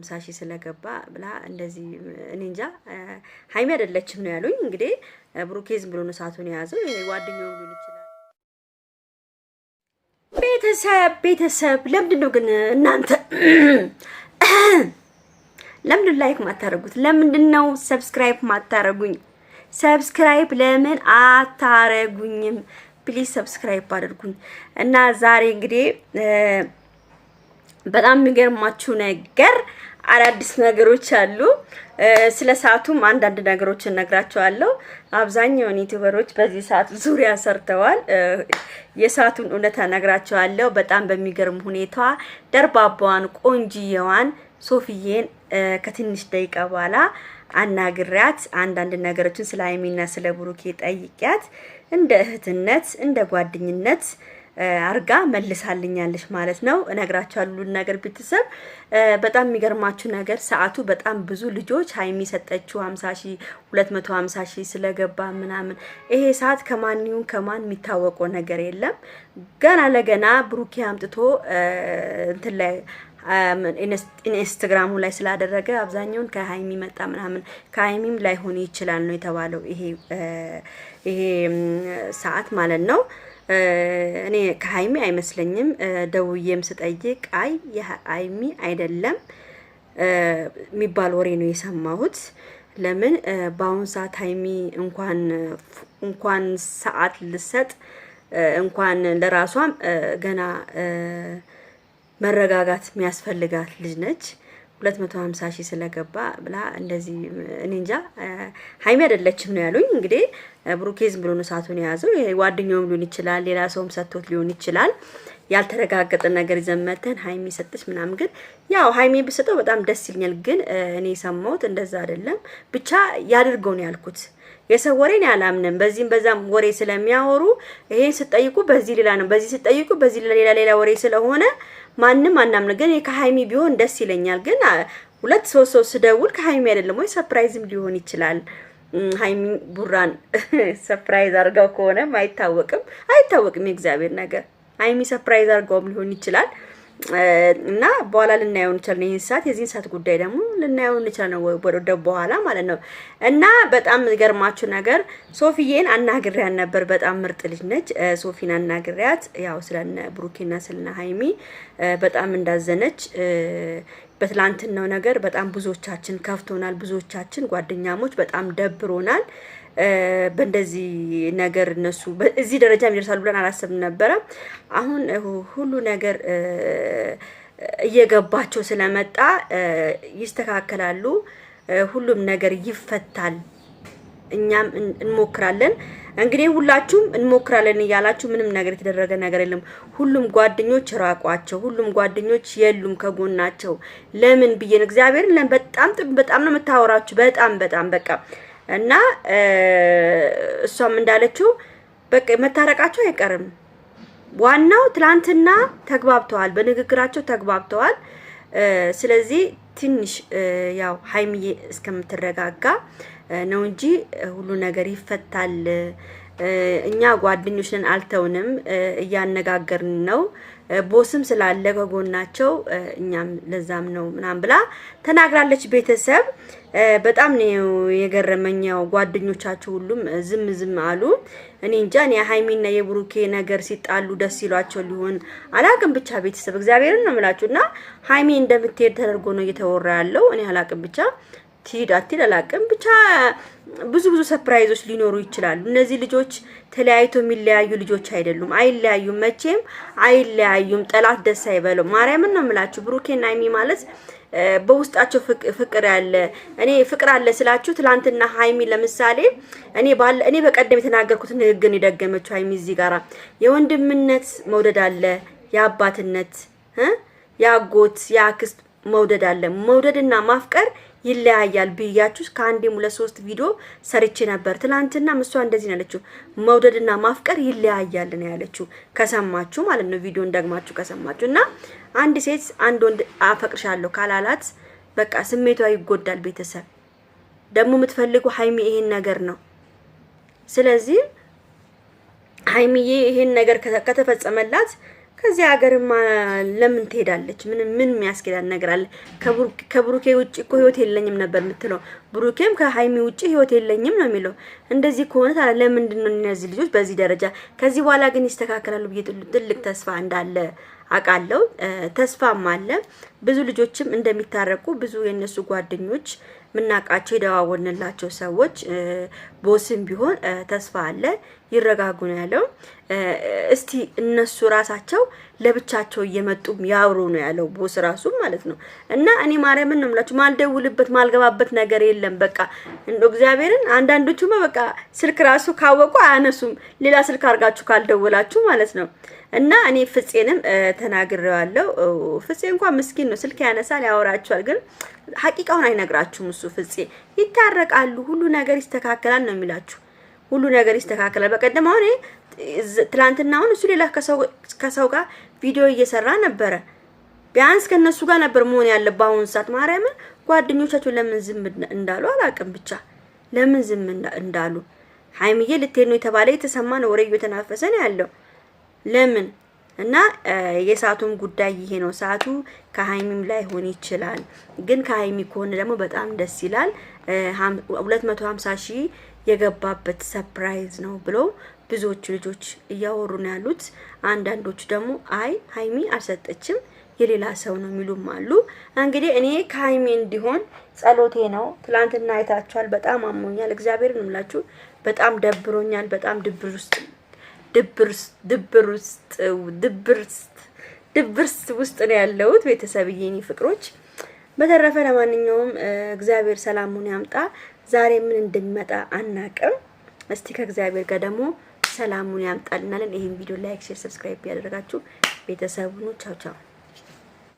ምሳ ሺህ ስለገባ ብላ እንደዚህ እኔ እንጃ ሀይሚ አይደለችም ነው ያሉኝ። እንግዲህ ብሩኬዝም ብሎ ነው ሰዓቱን የያዘው ጓደኛው ሊሆን ይችላል። ቤተሰብ ቤተሰብ ለምንድን ነው ግን እናንተ ለምንድን ላይክ ማታረጉት? ለምንድን ነው ሰብስክራይብ ማታረጉኝ? ሰብስክራይብ ለምን አታረጉኝም? ፕሊዝ ሰብስክራይብ አድርጉኝ። እና ዛሬ እንግዲህ በጣም የሚገርማችሁ ነገር አዳዲስ ነገሮች አሉ። ስለ ሰዓቱም አንዳንድ ነገሮችን ነግራቸዋለሁ። አብዛኛውን ዩቲዩበሮች በዚህ ሰዓት ዙሪያ ሰርተዋል። የሰዓቱን እውነታ ነግራቸዋለሁ። በጣም በሚገርም ሁኔታ ደርባባዋን ቆንጂየዋን ሶፊዬን ከትንሽ ደቂቃ በኋላ አናግሪያት አንዳንድ ነገሮችን ስለ ሀይሚና ስለ ብሩኬ ጠይቂያት እንደ እህትነት እንደ ጓደኝነት አርጋ መልሳልኛለች ማለት ነው። እነግራቸዋለሁ ነገር ቤተሰብ በጣም የሚገርማችሁ ነገር ሰዓቱ በጣም ብዙ ልጆች ሀይሚ ሰጠችው 50 ሺ 250 ሺ ስለገባ ምናምን ይሄ ሰዓት ከማንኙ ከማን የሚታወቀው ነገር የለም። ገና ለገና ብሩኬ አምጥቶ እንትን ላይ ኢንስታግራሙ ላይ ስላደረገ አብዛኛውን ከሀይሚ መጣ ምናምን ከሀይሚም ላይሆን ይችላል ነው የተባለው ይሄ ይሄ ሰዓት ማለት ነው። እኔ ከሀይሚ አይመስለኝም። ደውዬም ስጠይቅ አይ የሀይሚ አይደለም የሚባል ወሬ ነው የሰማሁት። ለምን በአሁን ሰዓት ሀይሚ እንኳን እንኳን ሰዓት ልሰጥ እንኳን ለራሷም ገና መረጋጋት የሚያስፈልጋት ልጅ ነች። 250 ሺህ ስለገባ ብላ እንደዚህ እኔ እንጃ ሀይሚ አይደለችም ነው ያሉኝ። እንግዲህ ብሩኬ ዝም ብሎ ነው ሰዓቱን የያዘው። ጓደኛውም ሊሆን ይችላል፣ ሌላ ሰውም ሰጥቶት ሊሆን ይችላል። ያልተረጋገጠ ነገር ይዘመተን ሀይሚ ሰጥች ምናምን። ግን ያው ሀይሚ ብሰጠው በጣም ደስ ይለኛል። ግን እኔ ሰማሁት እንደዛ አይደለም። ብቻ ያድርገው ነው ያልኩት። የሰው ወሬን ያላምንም በዚህም በዛም ወሬ ስለሚያወሩ ይሄን ስጠይቁ በዚህ ሌላ ነው፣ በዚህ ስጠይቁ በዚህ ሌላ ሌላ ወሬ ስለሆነ ማንም አናምን። ግን ከሀይሚ ቢሆን ደስ ይለኛል። ግን ሁለት ሶስት ሰው ስደውል ከሀይሚ አይደለም ወይ ሰርፕራይዝም ሊሆን ይችላል። ሀይሚ ቡራን ሰፕራይዝ አድርገው ከሆነም አይታወቅም አይታወቅም የእግዚአብሔር ነገር ሀይሚ ሰፕራይዝ አድርገውም ሊሆን ይችላል። እና በኋላ ልናየው እንችላለን። ይህን ሰዓት የዚህን ሰዓት ጉዳይ ደግሞ ልናየው እንችላለን ወደ በኋላ ማለት ነው። እና በጣም ገርማችሁ ነገር ሶፊዬን አናግሪያን ነበር። በጣም ምርጥ ልጅ ነች። ሶፊን አናግሪያት ያው ስለነ ብሩኬና ስለነ ሀይሚ በጣም እንዳዘነች በትላንትናው ነገር በጣም ብዙዎቻችን ከፍቶናል። ብዙዎቻችን ጓደኛሞች በጣም ደብሮናል። በእንደዚህ ነገር እነሱ እዚህ ደረጃ ይደርሳሉ ብለን አላሰብም ነበረ። አሁን ሁሉ ነገር እየገባቸው ስለመጣ ይስተካከላሉ። ሁሉም ነገር ይፈታል። እኛም እንሞክራለን። እንግዲህ ሁላችሁም እንሞክራለን እያላችሁ ምንም ነገር የተደረገ ነገር የለም። ሁሉም ጓደኞች ራቋቸው፣ ሁሉም ጓደኞች የሉም ከጎናቸው። ለምን ብዬን እግዚአብሔርን በጣም በጣም ነው የምታወራችሁ። በጣም በጣም በቃ እና እሷም እንዳለችው በቃ መታረቃቸው አይቀርም። ዋናው ትላንትና ተግባብተዋል፣ በንግግራቸው ተግባብተዋል። ስለዚህ ትንሽ ያው ሀይሚዬ እስከምትረጋጋ ነው እንጂ ሁሉ ነገር ይፈታል። እኛ ጓደኞች ነን፣ አልተውንም፣ እያነጋገርን ነው ቦስም ስላለ ከጎናቸው እኛም ለዛም ነው ምናም ብላ ተናግራለች። ቤተሰብ በጣም ነው የገረመኛው። ጓደኞቻቸው ሁሉም ዝም ዝም አሉ። እኔ እንጃ እኔ ሀይሚና የብሩኬ ነገር ሲጣሉ ደስ ይሏቸው ሊሆን አላቅም። ብቻ ቤተሰብ እግዚአብሔርን ነው ምላችሁ እና ሀይሚ እንደምትሄድ ተደርጎ ነው እየተወራ ያለው። እኔ አላቅም ብቻ ትሂድ አትሂድ አላቅም ብቻ ብዙ ብዙ ሰፕራይዞች ሊኖሩ ይችላሉ። እነዚህ ልጆች ተለያይቶ የሚለያዩ ልጆች አይደሉም። አይለያዩም፣ መቼም አይለያዩም። ጠላት ደስ አይበለው። ማርያምን ነው የምላችሁ። ብሩኬና ሀይሚ ማለት በውስጣቸው ፍቅር ያለ እኔ ፍቅር አለ ስላችሁ፣ ትላንትና ሀይሚ ለምሳሌ እኔ ባለ እኔ በቀደም የተናገርኩት ንግግር የደገመችው ሀይሚ እዚህ ጋራ የወንድምነት መውደድ አለ፣ የአባትነት፣ የአጎት፣ የአክስት መውደድ አለ። መውደድና ማፍቀር ይለያያል ብያችሁ ከአንዴም ሁለት ሶስት ቪዲዮ ሰርቼ ነበር። ትላንትና። እሷ እንደዚህ ነው ያለችው፣ መውደድና ማፍቀር ይለያያል ነው ያለችው። ከሰማችሁ ማለት ነው ቪዲዮን ደግማችሁ ከሰማችሁ እና አንድ ሴት አንድ ወንድ አፈቅርሻለሁ ካላላት በቃ ስሜቷ ይጎዳል። ቤተሰብ ደግሞ የምትፈልጉ ሀይሚ ይሄን ነገር ነው። ስለዚህ ሀይሚዬ ይሄን ነገር ከተፈጸመላት ከዚህ ሀገርማ ለምን ትሄዳለች? ምን ምን የሚያስኬዳት ነገር አለ? ከብሩኬ ውጭ እኮ ህይወት የለኝም ነበር የምትለው። ብሩኬም ከሀይሚ ውጭ ህይወት የለኝም ነው የሚለው። እንደዚህ ከሆነ ታዲያ ለምንድን ነው እነዚህ ልጆች በዚህ ደረጃ? ከዚህ በኋላ ግን ይስተካከላሉ ብዬ ትልቅ ተስፋ እንዳለ አውቃለሁ። ተስፋም አለ። ብዙ ልጆችም እንደሚታረቁ ብዙ የእነሱ ጓደኞች ምናቃቸው የደዋወንላቸው ሰዎች ቦስም ቢሆን ተስፋ አለ ይረጋጉ ነው ያለው። እስቲ እነሱ ራሳቸው ለብቻቸው እየመጡም ያውሩ ነው ያለው ቦስ ራሱ ማለት ነው። እና እኔ ማርያምን ነው የምላችሁ ማልደውልበት ማልገባበት ነገር የለም። በቃ እንዶ እግዚአብሔርን አንዳንዶቹ በቃ ስልክ ራሱ ካወቁ አያነሱም። ሌላ ስልክ አድርጋችሁ ካልደውላችሁ ማለት ነው። እና እኔ ፍጼንም ተናግሬዋለሁ። ፍጼ እንኳን ምስኪን ነው ስልክ ያነሳል፣ ያወራቸዋል፣ ግን ሀቂቃውን አይነግራችሁም። እሱ ፍፄ ይታረቃሉ፣ ሁሉ ነገር ይስተካከላል ነው የሚላችሁ። ሁሉ ነገር ይስተካከላል። በቀደም አሁን ትላንትና አሁን እሱ ሌላ ከሰው ጋር ቪዲዮ እየሰራ ነበረ። ቢያንስ ከነሱ ጋር ነበር መሆን ያለበት። በአሁኑ ሰዓት ማርያምን ጓደኞቻቸው ለምን ዝም እንዳሉ አላውቅም። ብቻ ለምን ዝም እንዳሉ ሀይሚዬ ልትሄድ ነው የተባለ የተሰማ ነው፣ ወሬ እየተናፈሰ ነው ያለው ለምን እና የሰዓቱም ጉዳይ ይሄ ነው። ሰዓቱ ከሀይሚም ሆን ይችላል፣ ግን ከሀይሚ ከሆነ ደግሞ በጣም ደስ ይላል። 250 ሺህ የገባበት ሰርፕራይዝ ነው ብሎ ብዙዎቹ ልጆች እያወሩ ነው ያሉት። አንዳንዶቹ ደግሞ አይ ሀይሚ አልሰጠችም የሌላ ሰው ነው የሚሉም አሉ። እንግዲህ እኔ ከሀይሚ እንዲሆን ጸሎቴ ነው። ትላንትና አይታችኋል። በጣም አሞኛል። እግዚአብሔርን እምላችሁ በጣም ደብሮኛል። በጣም ድብር ውስጥ ድብር ውስጥ ድብርስ ውስጥ ነው ያለሁት ቤተሰብዬ፣ ፍቅሮች። በተረፈ ለማንኛውም እግዚአብሔር ሰላሙን ያምጣ። ዛሬ ምን እንድንመጣ አናቅም። እስቲ ከእግዚአብሔር ጋር ደግሞ ሰላሙን ያምጣልናለን። ይህን ቪዲዮ ላይክ፣ ሼር፣ ሰብስክራይብ ያደረጋችሁ ቤተሰቡ ቻው ቻው።